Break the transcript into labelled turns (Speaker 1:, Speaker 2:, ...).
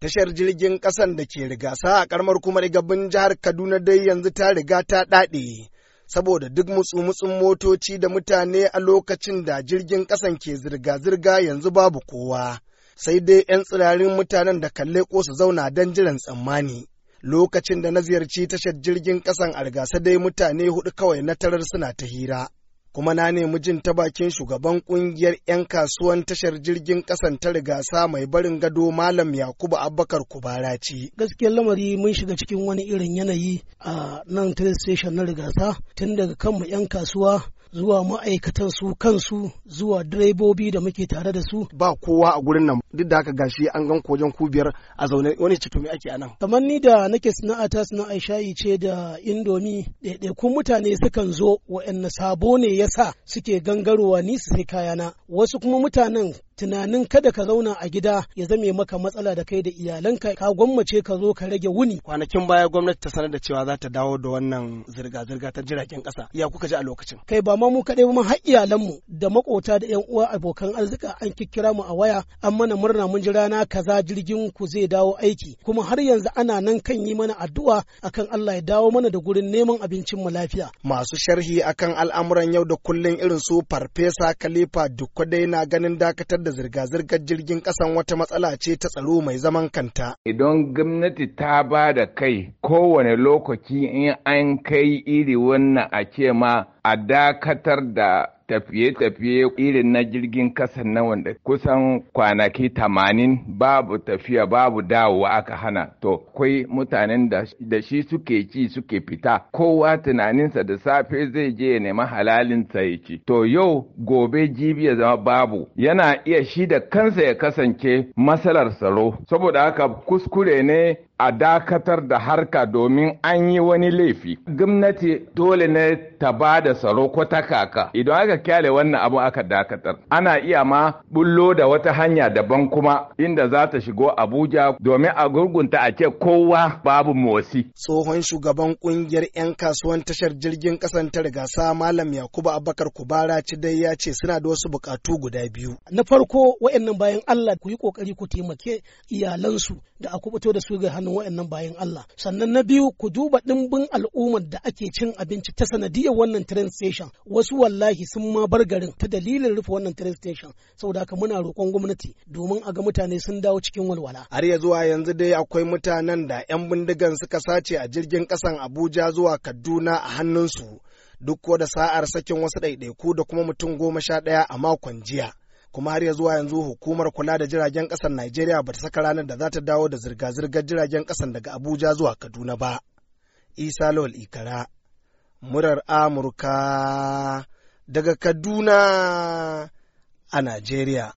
Speaker 1: Tashar jirgin ƙasan da ke rigasa a ƙaramar kuma rigabin jihar Kaduna dai yanzu ta riga ta ɗaɗe, saboda duk mutsu-mutsun motoci da mutane a lokacin da jirgin ƙasan ke zirga-zirga yanzu babu kowa, sai dai 'yan tsirarin mutanen da kalle ko su zauna don jiran tsammani. Lokacin da na ziyarci tashar jirgin ƙasan a rigasa dai mutane hudu kawai na tarar suna ta hira. kuma na nemi jin ta bakin shugaban kungiyar 'yan kasuwan tashar jirgin kasan ta rigasa mai barin gado malam yakubu
Speaker 2: abubakar kubaraci Gaskiya lamari mun shiga cikin wani irin yanayi a nan train station na rigasa tun daga kanmu 'yan kasuwa zuwa ma'aikatan su kansu zuwa direbobi da muke tare da su
Speaker 1: ba kowa a gurin nan duk da haka gashi an gan kojan kubiyar a zaune wani ce mai ake anan
Speaker 2: kamar ni da nake sana'ata sana'ar shayi ce da indomi ɗaiɗaikun mutane sukan zo wa'anne sabo ne yasa suke gangarowa ni su sai kayana wasu kuma mutanen tunanin kada ka zauna a gida ya zame maka matsala da kai da iyalanka ka gwammace ka zo ka rage wuni
Speaker 1: kwanakin baya gwamnati ta sanar da cewa za ta dawo da wannan zirga zirga ta jiragen kasa ya kuka ji a lokacin
Speaker 2: kai ba ma mu kadai ba har iyalanmu da makota da yan uwa abokan arzika an kikkira mu a waya an mana murna mun ji rana kaza jirgin ku zai dawo aiki kuma har yanzu ana nan kan yi mana addu'a akan Allah ya dawo mana da gurin neman abincin mu lafiya
Speaker 1: masu sharhi akan al'amuran yau da kullun irin su farfesa khalifa duk dai na ganin dakatar da zirga-zirgar jirgin ƙasan wata matsala ce ta tsaro mai zaman kanta.
Speaker 3: Idan gwamnati ta ba da kai kowane lokaci in an kai iri wannan a ce ma a dakatar da tafiye-tafiye irin na jirgin kasa na wanda kusan kwanaki tamanin babu tafiya babu dawowa aka hana to kwai mutanen da shi suke ci suke fita kowa tunaninsa da safe zai je ya nema halalinsa ya ci to yau gobe jibi ya zama babu yana iya shi da kansa ya kasance matsalar tsaro saboda haka kuskure ne a dakatar da harka domin an yi wani laifi. Gwamnati dole ne ta ba da tsaro ko ta kaka. Idan aka kyale wannan abu aka dakatar, ana iya ma bullo da wata hanya daban kuma inda za ta shigo Abuja domin a gurgunta a ce kowa babu motsi.
Speaker 1: Tsohon shugaban kungiyar 'yan kasuwan tashar jirgin kasan ta sa Malam Yakubu Abakar Kubara dai ya ce suna da wasu bukatu guda biyu.
Speaker 2: Na farko wa'annan bayan Allah ku yi kokari ku taimake iyalansu da a kubuto da su ga imanin wayannan bayan Allah sannan na biyu ku duba dimbin al'ummar da ake cin abinci ta sanadiyar wannan train station wasu wallahi sun ma bar garin ta dalilin rufe wannan train station saboda haka muna roƙon gwamnati domin a ga mutane sun dawo cikin walwala
Speaker 1: har ya zuwa yanzu dai akwai mutanen da 'yan bindigan suka sace a jirgin kasan Abuja zuwa Kaduna a hannunsu duk da sa'ar sakin wasu ɗaiɗaiku da kuma mutum goma sha ɗaya a makon jiya. kuma har ya zuwa yanzu hukumar kula da jiragen kasan Najeriya ba ta saka ranar da za ta dawo da zirga-zirgar jiragen kasan daga Abuja zuwa Kaduna ba. Isa Lawal Ikara, murar Amurka daga Kaduna a Najeriya.